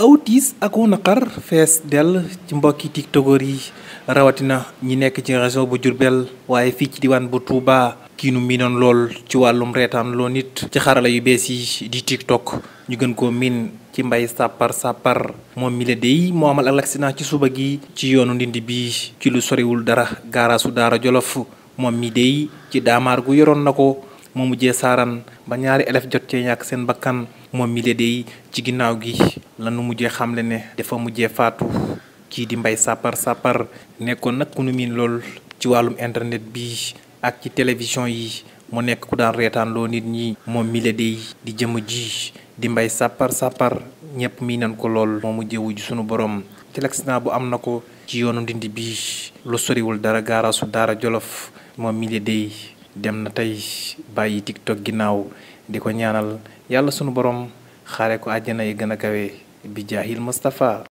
aw tiis ak aw naqar fees dell ci mbokki togor yi rawatina ñi nekk ci région bu Diourbel waaye fii ci diwaan bu Touba kiinu miinoon lool ci wàllum reetaan loo nit ci xarala yu bees yi di tok ñu gën koo miin ci mbay sàppar sàppar moom mi la dey moo amal ak l'accident ci suba gi ci yoonu ndindi bi ci lu soriwul dara gaaraasu daara jolof moom mi dey ci daamaar gu yoroon na ko moo mujjee saaran ba ñaari élèves jot cee ñàkk seen bakkan moom mi de ci ginnaaw gi lanu mujjee xamle ne dafa mujjee faatu kii di mbay sàppar sàppar nekkoon nag ku nu miin lool ci wàllum internet bi ak ci télévision yi mu nekk ku daan reetaan loo nit ñi moom mi de di jëm ji di mbay sàppar sàppar ñëpp mii nan ko lool moo mujjee wuju sunu borom ci naa bu am na ko ci yoonu ndindi bi lu soriwul dara gaaraasu daara jolof moom mi de dem na tey bàyyi tiktok ginnaaw di ko ñaanal yàlla sunu borom xare ko àjjana yi gën a kawe bi jaahil Mustapha.